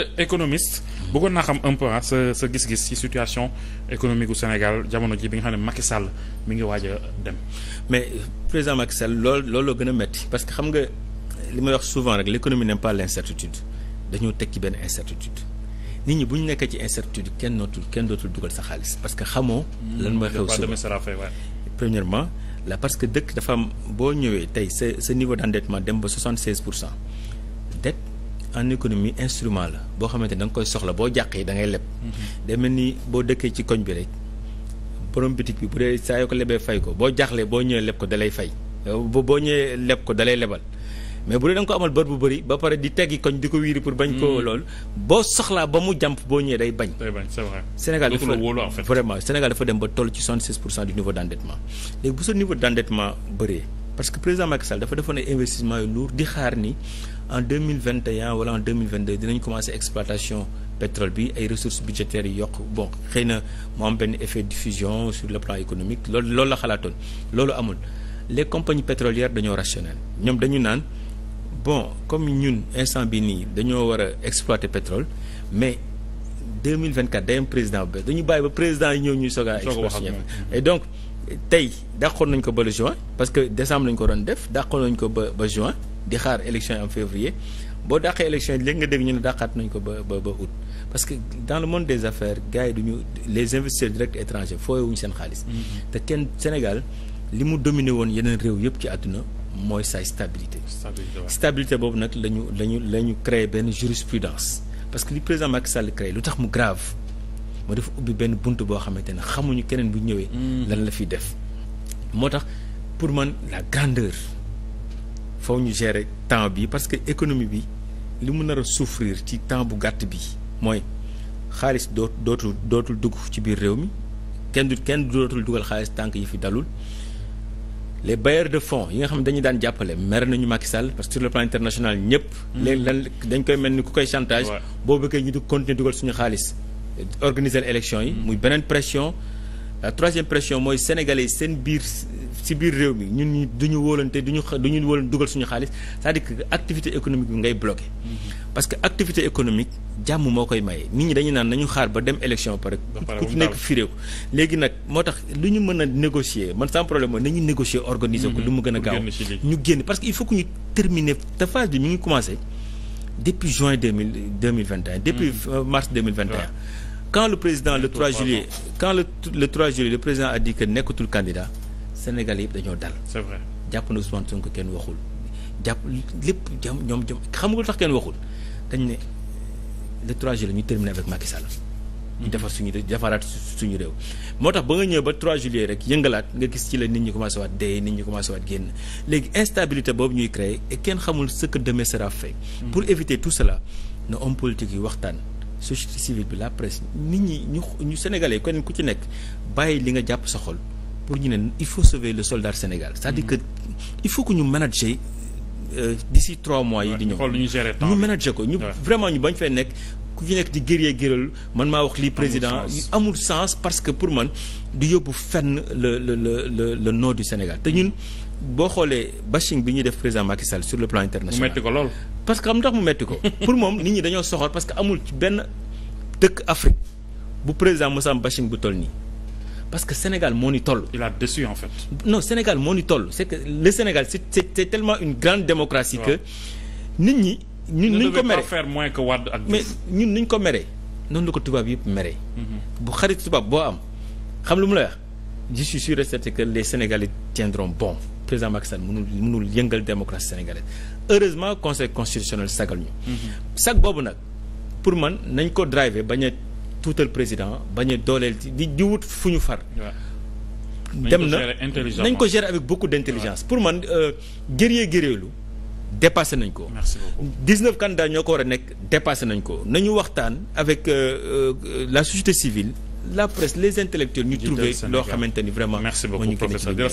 Euh, économiste bëggoon naa xam un peu sa sa gis-gis ci situation économique gu Sénégal jamono ji bi nga xam ne Macky Sall mi ngi waaj dem. mais euh, président Macky Sall lool looloo gën a metti parce que xam nga li may wax souvent rek l' économie n' aime pas l' incertitude dañoo teg ci benn incertitude nit ñi bu ñu nekkee ci incertitude kenn nootul kenn dootul dugal sa xaalis parce que xamoo. Hmm, lan mooy xew suba premièrement la parce que dëkk dafa am boo ñëwee tey sa sa niveau d' endettement dem ba 76 pour cent dette en économie instrument la boo xamante ni danga koy soxla boo jàqee da ngay leb. Mhm. day mel ni boo dëkkee ci koñ bi rek borom bitik bi bu dee saa yoo ko lebee fay ko boo jaaxlee boo ñëwee leb ko dalay fay boo ñëwee leb ko dalay lebal. mais bu dee da ko amal bër bu bari ba pare di teggi koñ di ko wiiri pour bañ koo mhm. loolu boo soxlaa ba mu jàmp boo ñëwee day bañ Sénégal dafa vraiment Sénégal dafa dem ba toll ci 76 pour cent du niveau d' endettement léegi bu sa d' endettement bëree parce que président Macky Sall dafa defoon ay investissement yu lourd di xaar ni en deux mille vingt et un wala en deux mille vingt deux commencer exploitation pétrole bi ay ressources budgétaires yi yokk bon xëy na mu am benn effet diffusion sur le plan économique loolu loolu la xalaatoon loolu amul les compagnies pétrolière dañoo rationnel ñoom dañu naan bon comme ñun instant bi nii dañoo war a exploiter pétrole mais 2024 day am président bu bees dañu bàyyi ba président yi ñëw ñuy soog a exploité et donc tey dàqoon nañ ko ba le juin parce que décembre lañ ko doon def dàqoon nañ ko ba ba juin di xaar élection yi en février boo dàqee élection yi léegi nga dégg ñu ne dàqaat nañ ko ba ba ba août parce que dans le monde des affaires gars yi duñu les investisseurs directs étrangers fooye wuñu seen xaalis mm-hmm. te kenn Sénégal li mu dominé woon yeneen réew yëpp ci àdduna mooy say stabilité stabilité boobu nag la ñu la ñu la ñu créé benn jurisprudence parce que li président Macky Sall lu tax mu grave ma dafa ubbi benn bunt boo xamante ne xamuñu keneen bu ñëwee. Mm. lan la fi def. moo tax pour man la grandeur faw ñu gérer temps bi parce que économie bi li mu nar a souffrir ci temps bu gàtt bi mooy xaalis doo dootul dootul dugg ci biir réew mi kenn du kenn dootul dugal xaalis tànk yi fi dalul. les bailleurs de fonds yi nga xam ne dañu daan jàppale mer nañu Macky Sall parce que sur le plan international ñëpp. Mm. léegi lan dañ koy mel ni ku koy chantage. boo bëggee ñu di continuer dugal suñu xaalis. organiser élection yi. muy beneen pression. la troisième pression mooy sénégalais seen biir si biir réew mi ñun ñu du ñu wóolante du ñu du ñu wóolante dugal suñu xaalis c'est-à-dire que activité économique bi ngay bloqué. Mm-hmm. parce que activité économique jàmm moo koy maye nit ñi dañu naan nañu xaar ba dem élection pare. ku ci nekk firéeku léegi nag moo tax lu ñu mën a négocier man sans problème mooy nañu négocier organiser ko mm-hmm. lu mu gën a gaaw ñu génn parce que il faut que ñu terminer te phase ngi commencé depuis juin deux mille deux mille vingt et un depuis mm. euh, mars deux mille vingt quand le président le 3 juillet quand le le 3 juillet le président a dit nekkatul candidat Sénégalais yëpp dañoo dal. c'est vrai jàpp na Ousmane Sonko kenn waxul jàpp lépp ñoom xam nga lu kenn waxul dañ ne le 3 juillet ñu terminer avec Macky Sall. ñu mhm. defar suñu defaraat suñu réew. moo tax ba nga ñëw ba 3 juillet rek yëngalaat nga gis ci la nit ñi commencé waat dee nit ñi commencé waat génn léegi instabilité boobu ñuy créer kenn xamul ce que demain sera fait. Mhm. pour éviter tout cela na homme politique yi waxtaan. société civile bi la presse nit ñi ñu ñu sénégalais kenn ku ci nekk bàyyi li nga jàpp sa xol pour ñu ne il faut sauver le soldat Sénégal cest à mm. il faut que ñu manager Euh, d'ici trois mois yi di ñëw xool ñu gérer temps ñu ménager ko ñu vraiment ñu bañ fee nekk ku fi nekk di gëree gëral man maa wax lii président amul sens parce que pour man di yóbbu fenn le le le nord du Sénégal te ñun boo xoolee bashing bi ñu def président Macky Sall sur le plan international mu ko lool parce que am ndax mu metti ko pour moom nit ñi dañoo soxor parce que amul ci benn dëkk Afrique bu président Moussa bashing bu toll nii parce que Sénégal moo ni toll. il a déçu en fait. non Sénégal moo ni toll c'est que le Sénégal c'est c'est tellement une grande démocratie. que nit ñi. ñun ni ñu ko meree que Wade mais ñun ni ñu ko meree. noonu la ko tubaab yëpp meree. Mhm. bu xarit tubaab boo am xam lu mu la wax. je suis sûr que les Sénégalais tiendront bon président Macky Sall mënul mënul yëngal démocratie sénégalaise heureusement conseil constitutionnel sagal ñu. Mhm. sag boobu nag pour man nañ ko driver bañ tuutal président bañ a dooleel ci di di wut fu ñu far. dem na nañ ko gérer avec beaucoup d' intelligence. pour man euh, guerrier guerrier lu dépassé nañ ko. merci beaucoup 19 candidats ñoo ko war a nekk dépassé nañ ko nañu waxtaan avec euh, euh, la société civile la presse les intellectuels ñu trouver loo xamante ni vraiment. merci beaucoup professeur